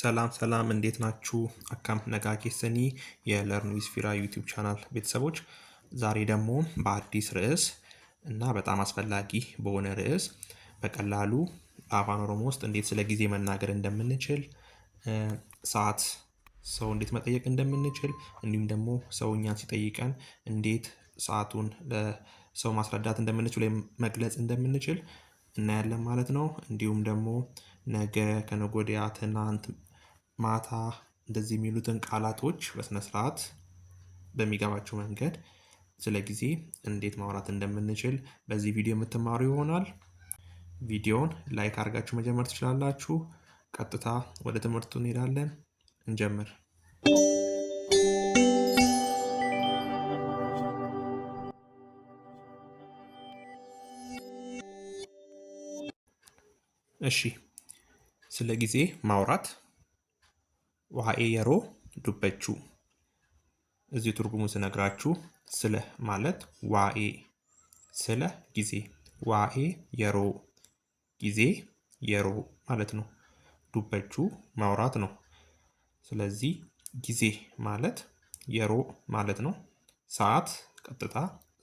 ሰላም ሰላም፣ እንዴት ናችሁ? አካም ነጋጌ ሰኒ የለርን ዊዝ ፊራ ዩቲዩብ ቻናል ቤተሰቦች፣ ዛሬ ደግሞ በአዲስ ርዕስ እና በጣም አስፈላጊ በሆነ ርዕስ በቀላሉ በአፋን ኦሮሞ ውስጥ እንዴት ስለ ጊዜ መናገር እንደምንችል፣ ሰዓት ሰው እንዴት መጠየቅ እንደምንችል፣ እንዲሁም ደግሞ ሰው እኛን ሲጠይቀን እንዴት ሰዓቱን ለሰው ማስረዳት እንደምንችል ወይም መግለጽ እንደምንችል እናያለን ማለት ነው። እንዲሁም ደግሞ ነገ ከነጎዲያ ትናንት ማታ እንደዚህ የሚሉትን ቃላቶች በስነስርዓት በሚገባቸው መንገድ ስለ ጊዜ እንዴት ማውራት እንደምንችል በዚህ ቪዲዮ የምትማሩ ይሆናል። ቪዲዮውን ላይክ አድርጋችሁ መጀመር ትችላላችሁ። ቀጥታ ወደ ትምህርቱ እንሄዳለን። እንጀምር። እሺ፣ ስለ ጊዜ ማውራት ዋኤ የሮ ዱበቹ እዚህ ትርጉሙ ስነግራችሁ ስለ ማለት ዋኤ ስለ ጊዜ ዋኤ የሮ ጊዜ የሮ ማለት ነው። ዱበቹ ማውራት ነው። ስለዚህ ጊዜ ማለት የሮ ማለት ነው። ሰዓት ቀጥታ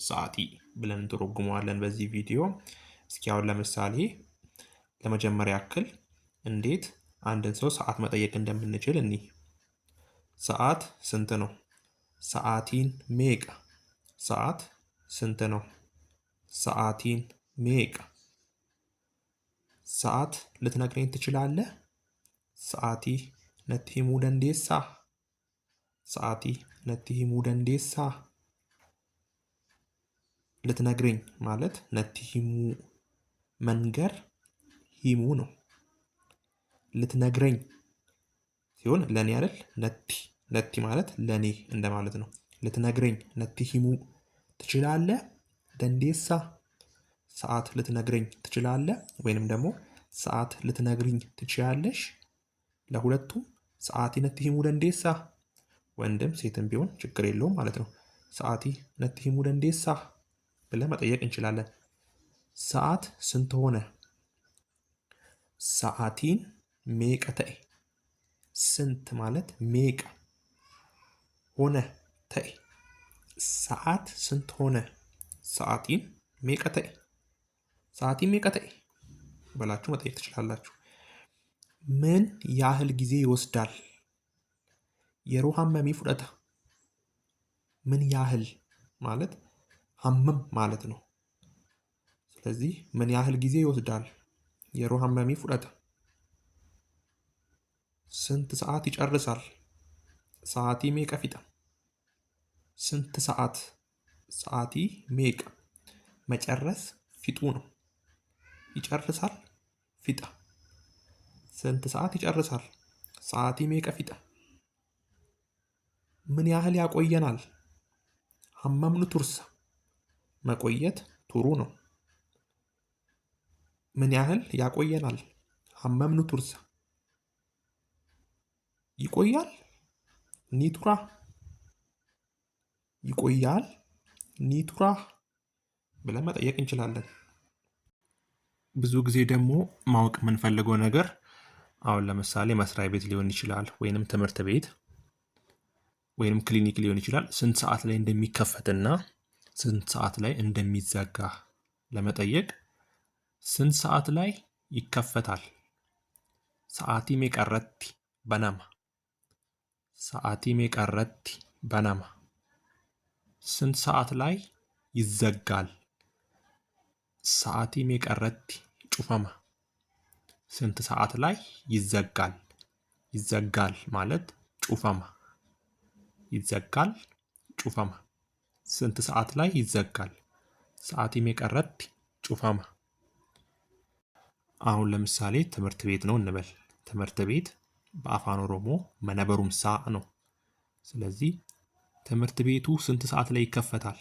ሰዓቲ ብለን እንተረጉመዋለን በዚህ ቪዲዮ። እስኪ አሁን ለምሳሌ ለመጀመሪያ ያክል እንዴት አንድን ሰው ሰዓት መጠየቅ እንደምንችል እኒህ ሰዓት ስንት ነው? ሰዓቲን ሜቅ ሰዓት ስንት ነው? ሰዓቲን ሜቅ? ሰዓት ልትነግረኝ ትችላለህ? ሰዓቲ ነትሂ ደንዴሳ ሰዓቲ ነትሂ ደንዴሳ ልትነግረኝ ማለት ነትሂሙ መንገር ሂሙ ነው። ልትነግረኝ ሲሆን ለኔ አይደል ነቲ ነቲ ማለት ለኔ እንደማለት ነው። ልትነግረኝ ሂሙ ትችላለ ደንዴሳ ሰዓት ልትነግረኝ ትችላለ ወይንም ደግሞ ሰዓት ልትነግርኝ ትችያለሽ። ለሁለቱም ሰዓቲ ሂሙ ደንዴሳ ወንድም ሴትም ቢሆን ችግር የለውም ማለት ነው። ሰዓቲ ሂሙ ደንዴሳ ብለን መጠየቅ እንችላለን። ሰዓት ስንት ሆነ? ሰዓቲን ሜቀ ተይ ስንት ማለት ሜቀ ሆነ ተይ ሰዓት ስንት ሆነ ሰዓቲን ሜቀ ተይ ሰዓቲን ሜቀ ተይ በላችሁ መጠየቅ ትችላላችሁ። ምን ያህል ጊዜ ይወስዳል? የሮ ሀመሚ ፉደታ ምን ያህል ማለት ሀመም ማለት ነው። ስለዚህ ምን ያህል ጊዜ ይወስዳል? የሮ ሀመሚ ፉደታ ስንት ሰዓት ይጨርሳል? ሰዓቲ ሜቀ ፊጣ። ስንት ሰዓት? ሰዓቲ ሜቀ መጨረስ ፊጡ ነው። ይጨርሳል ፊጣ። ስንት ሰዓት ይጨርሳል? ሰዓቲ ሜቀ ፊጣ። ምን ያህል ያቆየናል? ሀማምኑ ቱርሳ መቆየት ቱሩ ነው። ምን ያህል ያቆየናል? ሀማምኑ ቱርሳ ይቆያል ኒቱራ ይቆያል ኒቱራ ብለን መጠየቅ እንችላለን። ብዙ ጊዜ ደግሞ ማወቅ የምንፈልገው ነገር አሁን ለምሳሌ መስሪያ ቤት ሊሆን ይችላል፣ ወይንም ትምህርት ቤት ወይንም ክሊኒክ ሊሆን ይችላል። ስንት ሰዓት ላይ እንደሚከፈትና ስንት ሰዓት ላይ እንደሚዘጋ ለመጠየቅ ስንት ሰዓት ላይ ይከፈታል፣ ሰዓቲሜ ቀረቲ በናማ ሰዓቲ ሜቀረቲ በነማ ስንት ሰዓት ላይ ይዘጋል? ሰዓቲ ሜቀረቲ ጩፈማ ስንት ሰዓት ላይ ይዘጋል? ይዘጋል ማለት ጩፈማ ይዘጋል ጩፈማ ስንት ሰዓት ላይ ይዘጋል? ሰዓቲ ሜቀረቲ ጩፈማ አሁን ለምሳሌ ትምህርት ቤት ነው እንበል። ትምህርት ቤት በአፋን ኦሮሞ መነበሩምሳ ነው። ስለዚህ ትምህርት ቤቱ ስንት ሰዓት ላይ ይከፈታል?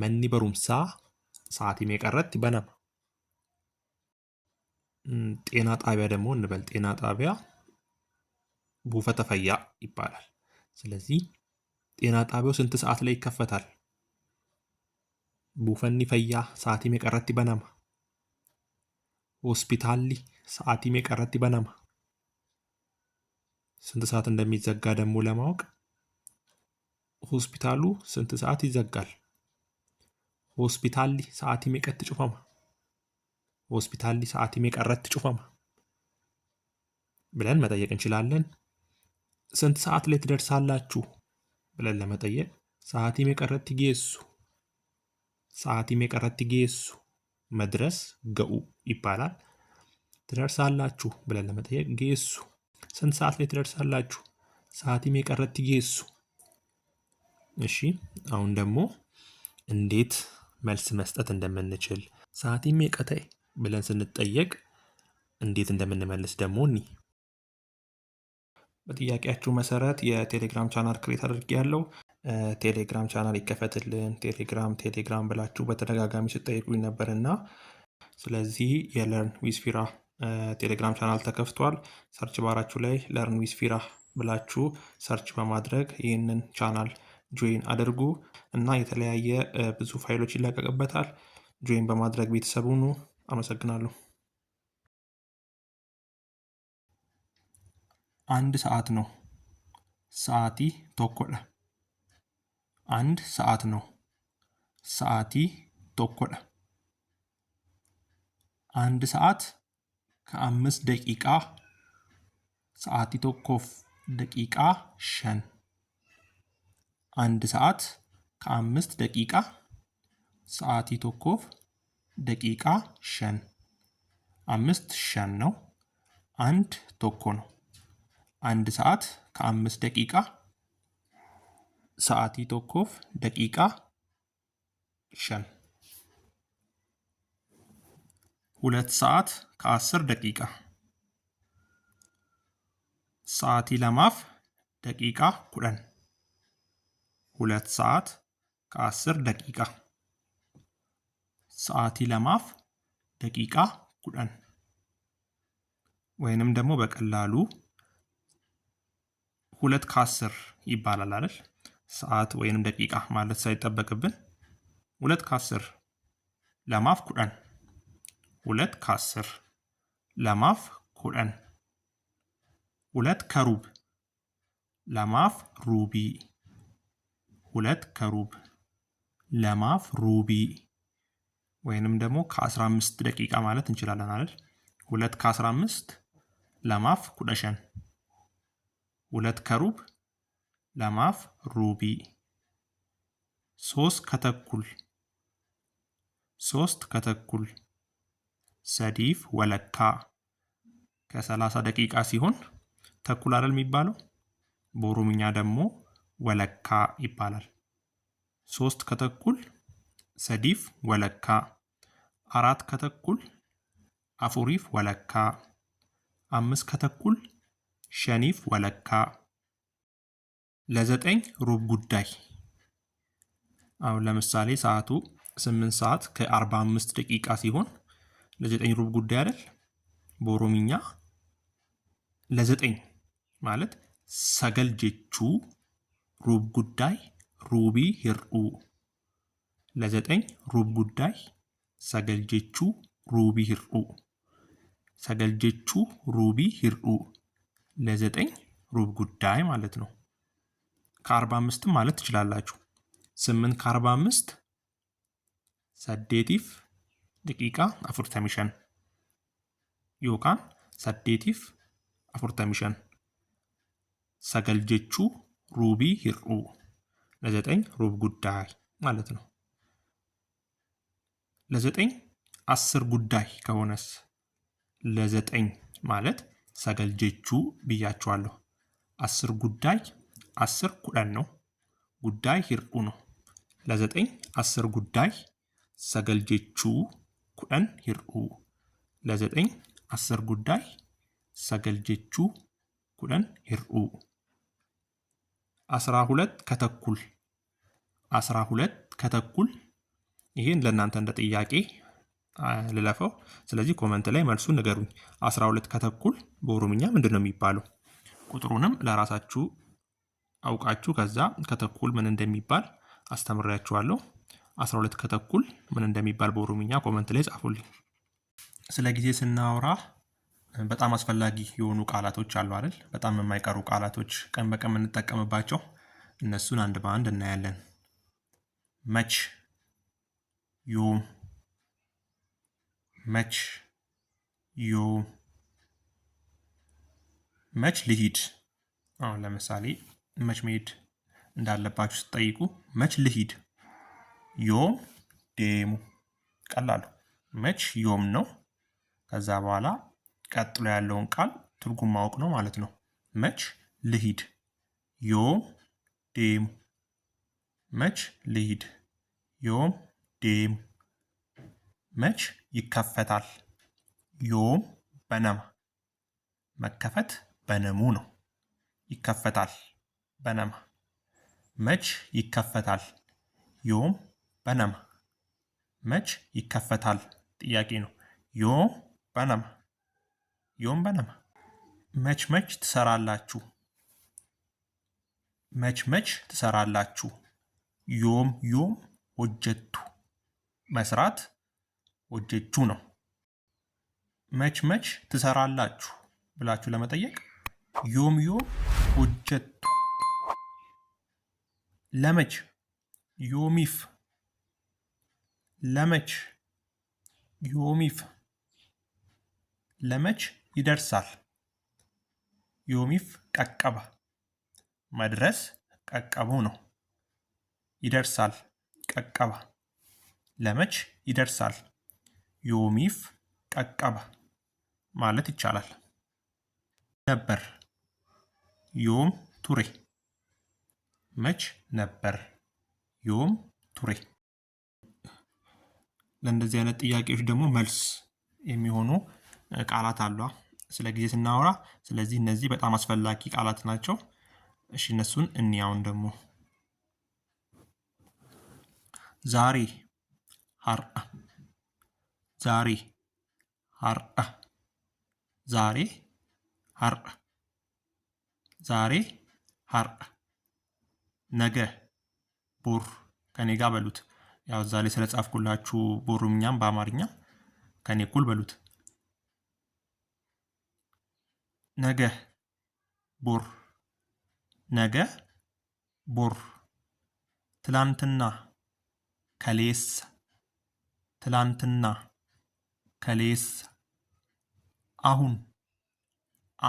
መኒ በሩምሳ ሰዓት የሚቀረት በነም። ጤና ጣቢያ ደግሞ እንበል። ጤና ጣቢያ ቡፈተ ፈያ ይባላል። ስለዚህ ጤና ጣቢያው ስንት ሰዓት ላይ ይከፈታል? ቡፈኒ ፈያ ሰዓት የሚቀረት በነም። ሆስፒታሊ ሰዓት የሚቀረት በነም ስንት ሰዓት እንደሚዘጋ ደግሞ ለማወቅ ሆስፒታሉ ስንት ሰዓት ይዘጋል? ሆስፒታል ሰዓት የሚቀት ጭፈማ ሆስፒታል ሰዓት የሚቀረት ጭፈማ ብለን መጠየቅ እንችላለን። ስንት ሰዓት ላይ ትደርሳላችሁ ብለን ለመጠየቅ ሰዓት የሚቀረት ጌሱ ሰዓት የሚቀረት ጌሱ መድረስ ገኡ ይባላል። ትደርሳላችሁ ብለን ለመጠየቅ ጌሱ ስንት ሰዓት ላይ ትደርሳላችሁ? ሰዓቲም የቀረት ጌሱ። እሺ አሁን ደግሞ እንዴት መልስ መስጠት እንደምንችል ሰዓቲም የቀታይ ብለን ስንጠየቅ እንዴት እንደምንመልስ ደግሞ እኒ በጥያቄያችሁ መሰረት የቴሌግራም ቻናል ክሬት አድርጌ ያለው ቴሌግራም ቻናል ይከፈትልን፣ ቴሌግራም ቴሌግራም ብላችሁ በተደጋጋሚ ስጠይቁኝ ነበር እና ስለዚህ የለርን ዊዝ ፊራ ቴሌግራም ቻናል ተከፍቷል። ሰርች ባራችሁ ላይ ለርን ዊዝ ፊራ ብላችሁ ሰርች በማድረግ ይህንን ቻናል ጆይን አድርጉ እና የተለያየ ብዙ ፋይሎች ይለቀቅበታል። ጆይን በማድረግ ቤተሰብ ሁኑ። አመሰግናለሁ። አንድ ሰዓት ነው። ሰዓቲ ቶኮለ። አንድ ሰዓት ነው። ሰዓቲ ቶኮለ። አንድ ሰዓት ከአምስት ደቂቃ ሰዓቲ ቶኮፍ ደቂቃ ሸን አንድ ሰዓት ከአምስት ደቂቃ ሰዓቲ ቶኮፍ ደቂቃ ሸን አምስት ሸን ነው። አንድ ቶኮ ነው። አንድ ሰዓት ከአምስት ደቂቃ ሰዓቲ ቶኮፍ ደቂቃ ሸን ሁለት ሰዓት ከአስር ደቂቃ ሰዓቲ ለማፍ ደቂቃ ኩደን ሁለት ሰዓት ከአስር ደቂቃ ሰዓቲ ለማፍ ደቂቃ ኩደን ወይንም ደግሞ በቀላሉ ሁለት ከአስር ይባላል አይደል? ሰዓት ወይንም ደቂቃ ማለት ሳይጠበቅብን ሁለት ከአስር ለማፍ ኩደን ሁለት ከአስር ለማፍ ኩለን ሁለት ከሩብ ለማፍ ሩቢ ሁለት ከሩብ ለማፍ ሩቢ ወይንም ደግሞ ከ15 ደቂቃ ማለት እንችላለን አይደል? ሁለት ከ15 ለማፍ ኩደሸን ሁለት ከሩብ ለማፍ ሩቢ ሶስት ከተኩል ሶስት ከተኩል ሰዲፍ ወለካ ከሰላሳ ደቂቃ ሲሆን ተኩል አይደል የሚባለው። በኦሮምኛ ደግሞ ወለካ ይባላል። ሶስት ከተኩል ሰዲፍ ወለካ፣ አራት ከተኩል አፉሪፍ ወለካ፣ አምስት ከተኩል ሸኒፍ ወለካ። ለዘጠኝ ሩብ ጉዳይ አሁን ለምሳሌ ሰዓቱ ስምንት ሰዓት ከአርባ አምስት ደቂቃ ሲሆን ለዘጠኝ ሩብ ጉዳይ አይደል? በኦሮሚኛ ለዘጠኝ ማለት ሰገል ጀቹ ሩብ ጉዳይ ሩቢ ሂርኡ ለዘጠኝ ሩብ ጉዳይ ሰገል ጀቹ ሩቢ ሂርኡ ሰገል ጀቹ ሩቢ ሂርኡ ለዘጠኝ ሩብ ጉዳይ ማለት ነው። ከአርባ አምስትም ማለት ትችላላችሁ። ስምንት ከአርባ አምስት ሰዴቲፍ ደቂቃ afurtamii shan yookaan saddeetiif afurtamii shan sagal jechuu ruubii hir'uu ለዘጠኝ ሩብ ጉዳይ ማለት ነው። ለዘጠኝ አስር ጉዳይ ከሆነስ ለዘጠኝ ማለት ሰገል ጀቹ ብያችኋለሁ። አስር ጉዳይ አስር ኩለን ነው። ጉዳይ ሂርኡ ነው። ለዘጠኝ አስር ጉዳይ ሰገል ጀቹ ኩደን ሂርኡ ለዘጠኝ አስር ጉዳይ ሰገል ጀቹ ኩደን ሂርኡ አስራ ሁለት ከተኩል አስራ ሁለት ከተኩል ይህን ለእናንተ እንደ ጥያቄ ልለፈው። ስለዚህ ኮመንት ላይ መልሱን ንገሩኝ። አስራ ሁለት ከተኩል በኦሮምኛ ምንድን ነው የሚባለው? ቁጥሩንም ለራሳችሁ አውቃችሁ ከዛ ከተኩል ምን እንደሚባል አስተምሬያችኋለሁ። 12 ከተኩል ምን እንደሚባል በኦሮምኛ ኮመንት ላይ ጻፉልኝ። ስለ ጊዜ ስናወራ በጣም አስፈላጊ የሆኑ ቃላቶች አሉ አይደል? በጣም የማይቀሩ ቃላቶች ቀን በቀን የምንጠቀምባቸው እነሱን አንድ በአንድ እናያለን። መች፣ ዮም፣ መች፣ ዮም፣ መች ልሂድ። አሁን ለምሳሌ መች መሄድ እንዳለባችሁ ስትጠይቁ መች ልሂድ ዮም ዴሙ ቀላሉ መች ዮም ነው። ከዛ በኋላ ቀጥሎ ያለውን ቃል ትርጉም ማወቅ ነው ማለት ነው። መች ልሂድ፣ ዮም ዴሙ። መች ልሂድ፣ ዮም ዴሙ። መች ይከፈታል፣ ዮም በነማ። መከፈት በነሙ ነው። ይከፈታል በነማ። መች ይከፈታል፣ ዮም በነማ መች ይከፈታል? ጥያቄ ነው። ዮ በነማ ዮም በነማ መች መች ትሰራላችሁ? መች መች ትሰራላችሁ? ዮም ዮም ወጀቱ መስራት ወጀቹ ነው። መች መች ትሰራላችሁ ብላችሁ ለመጠየቅ ዮም ዮም ወጀቱ ለመች ዮሚፍ ለመች ዮሚፍ ለመች ይደርሳል። ዮሚፍ ቀቀባ መድረስ ቀቀቡ ነው። ይደርሳል ቀቀባ ለመች ይደርሳል። ዮሚፍ ቀቀባ ማለት ይቻላል። ነበር ዮም ቱሬ መች ነበር ዮም ቱሬ ለእንደዚህ አይነት ጥያቄዎች ደግሞ መልስ የሚሆኑ ቃላት አሏ። ስለ ጊዜ ስናወራ፣ ስለዚህ እነዚህ በጣም አስፈላጊ ቃላት ናቸው። እሺ እነሱን እንያውን ደግሞ ዛሬ ሀርአ ዛሬ ሀርአ ዛሬ ሀርአ ዛሬ ሀርአ ነገ ቦር ከኔ ጋር በሉት ያው እዛ ላይ ስለጻፍኩላችሁ በኦሮምኛም በአማርኛ ከኔ እኩል በሉት። ነገ ቦር፣ ነገ ቦር። ትላንትና ከሌስ፣ ትላንትና ከሌስ። አሁን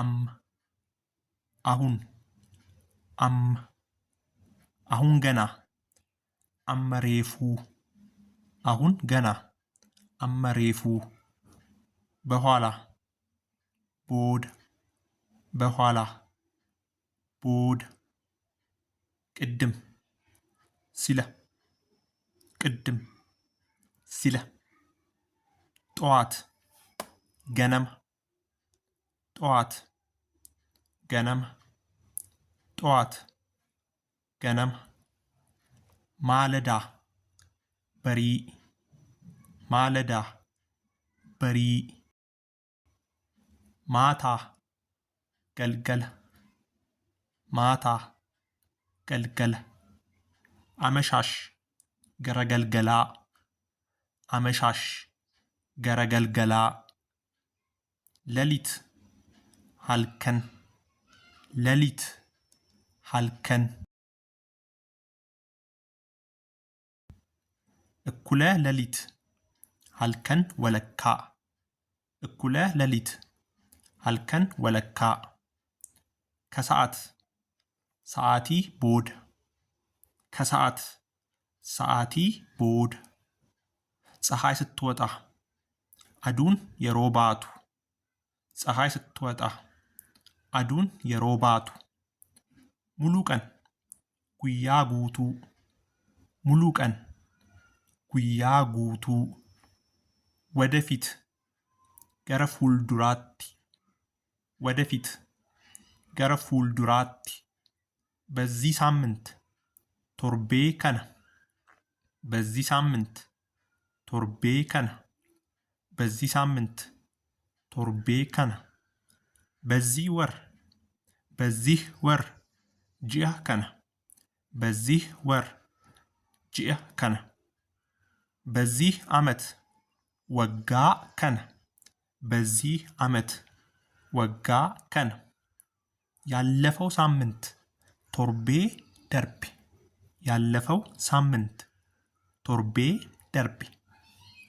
አም፣ አሁን አም። አሁን ገና አመሬፉ አሁን ገና አመሬፉ በኋላ ቦድ በኋላ ቦድ ቅድም ሲለ ቅድም ሲለ ጠዋት ገነም ጠዋት ገነም ጠዋት ገነም ማለዳ በሪ ማለዳ በሪ ማታ ገልገል ማታ ገልገል አመሻሽ ገረገልገላ አመሻሽ ገረገልገላ ለሊት ሀልከን ለሊት ሀልከን እኩለ ለሊት ሀልከን ወለካ እኩለ ለሊት ሀልከን ወለካ ከሰዓት ሰዓቲ ቦድ ከሰዓት ሰዓቲ ቦድ ፀሐይ ስትወጣ አዱን የሮባቱ ፀሐይ ስትወጣ አዱን የሮባቱ ሙሉ ቀን ጉያ ጉቱ ሙሉ ቀን Guyyaa guutuu, Wadafiit gara fuulduraatti, Wadafiit gara fuulduraatti, Beዚህ ሳምንት, Torbee kana, Beዚህ ሳምንት, Torbee kana, Beዚህ ሳምንት, Torbee kana, Beዚህ ወር, Beዚህ ወር, Ji'a kana, Beዚህ ወር, Ji'a kana. በዚህ ዓመት ወጋ ከን በዚህ ዓመት ወጋ ከን ያለፈው ሳምንት ቶርቤ ደርቤ ያለፈው ሳምንት ቶርቤ ደርቢ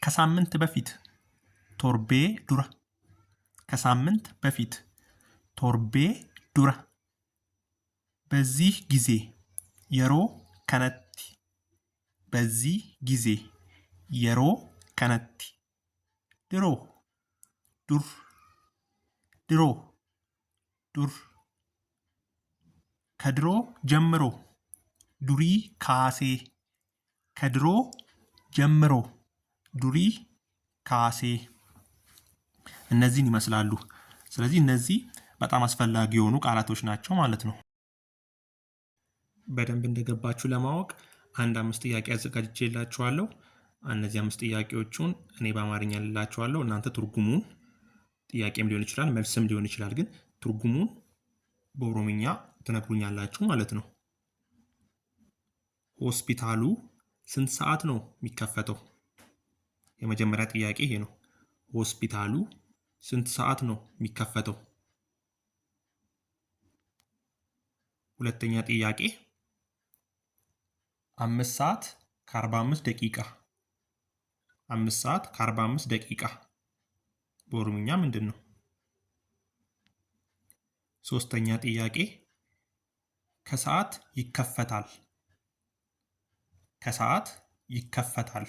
ከሳምንት በፊት ቶርቤ ዱራ ከሳምንት በፊት ቶርቤ ዱራ በዚህ ጊዜ የሮ ከነቲ በዚህ ጊዜ Yeroo kanatti. Diroo. Dur. Diroo. Dur. ከድሮ ጀምሮ ዱሪ ካሴ ከድሮ ጀምሮ ዱሪ ካሴ እነዚህን ይመስላሉ። ስለዚህ እነዚህ በጣም አስፈላጊ የሆኑ ቃላቶች ናቸው ማለት ነው። በደንብ እንደገባችሁ ለማወቅ አንድ አምስት ጥያቄ አዘጋጅቼላችኋለሁ። እነዚህ አምስት ጥያቄዎቹን እኔ በአማርኛ ልላችኋለሁ። እናንተ ትርጉሙን ጥያቄም ሊሆን ይችላል መልስም ሊሆን ይችላል፣ ግን ትርጉሙን በኦሮምኛ ትነግሩኛላችሁ ማለት ነው። ሆስፒታሉ ስንት ሰዓት ነው የሚከፈተው? የመጀመሪያ ጥያቄ ይሄ ነው። ሆስፒታሉ ስንት ሰዓት ነው የሚከፈተው? ሁለተኛ ጥያቄ አምስት ሰዓት ከአርባ አምስት ደቂቃ አምስት ሰዓት ከአርባ አምስት ደቂቃ በኦሮምኛ ምንድን ነው? ሶስተኛ ጥያቄ ከሰዓት ይከፈታል። ከሰዓት ይከፈታል።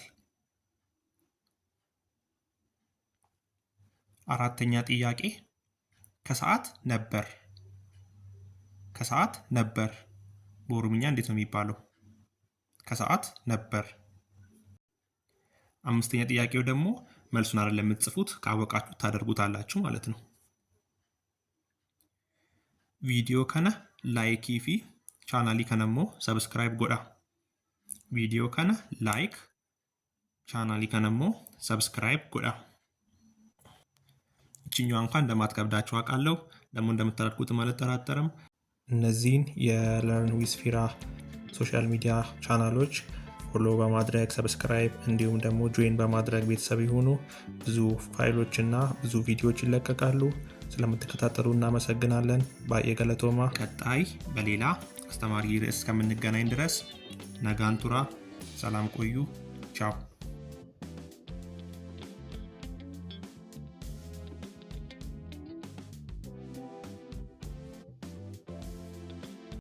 አራተኛ ጥያቄ ከሰዓት ነበር። ከሰዓት ነበር በኦሮምኛ እንዴት ነው የሚባለው? ከሰዓት ነበር አምስተኛ ጥያቄው ደግሞ መልሱን አይደል ለምትጽፉት ካወቃችሁ ታደርጉታላችሁ ማለት ነው። ቪዲዮ ከነ ላይክ ይፊ ቻናሊ ከነሞ ሰብስክራይብ ጎዳ ቪዲዮ ከነ ላይክ ቻናሊ ከነሞ ሰብስክራይብ ጎዳ። እችኛዋ እንኳን እንደማትከብዳችሁ አውቃለሁ። ደግሞ እንደምታደርጉት አልጠራጠርም። እነዚህን የለርን ዊዝ ፊራ ሶሻል ሚዲያ ቻናሎች ፎሎ በማድረግ ሰብስክራይብ እንዲሁም ደግሞ ጆይን በማድረግ ቤተሰብ የሆኑ ብዙ ፋይሎች እና ብዙ ቪዲዮዎች ይለቀቃሉ። ስለምትከታተሉ እናመሰግናለን። ባየ ቀጣይ በሌላ አስተማሪ ርዕስ እስከምንገናኝ ድረስ ነጋንቱራ ሰላም ቆዩ። ቻው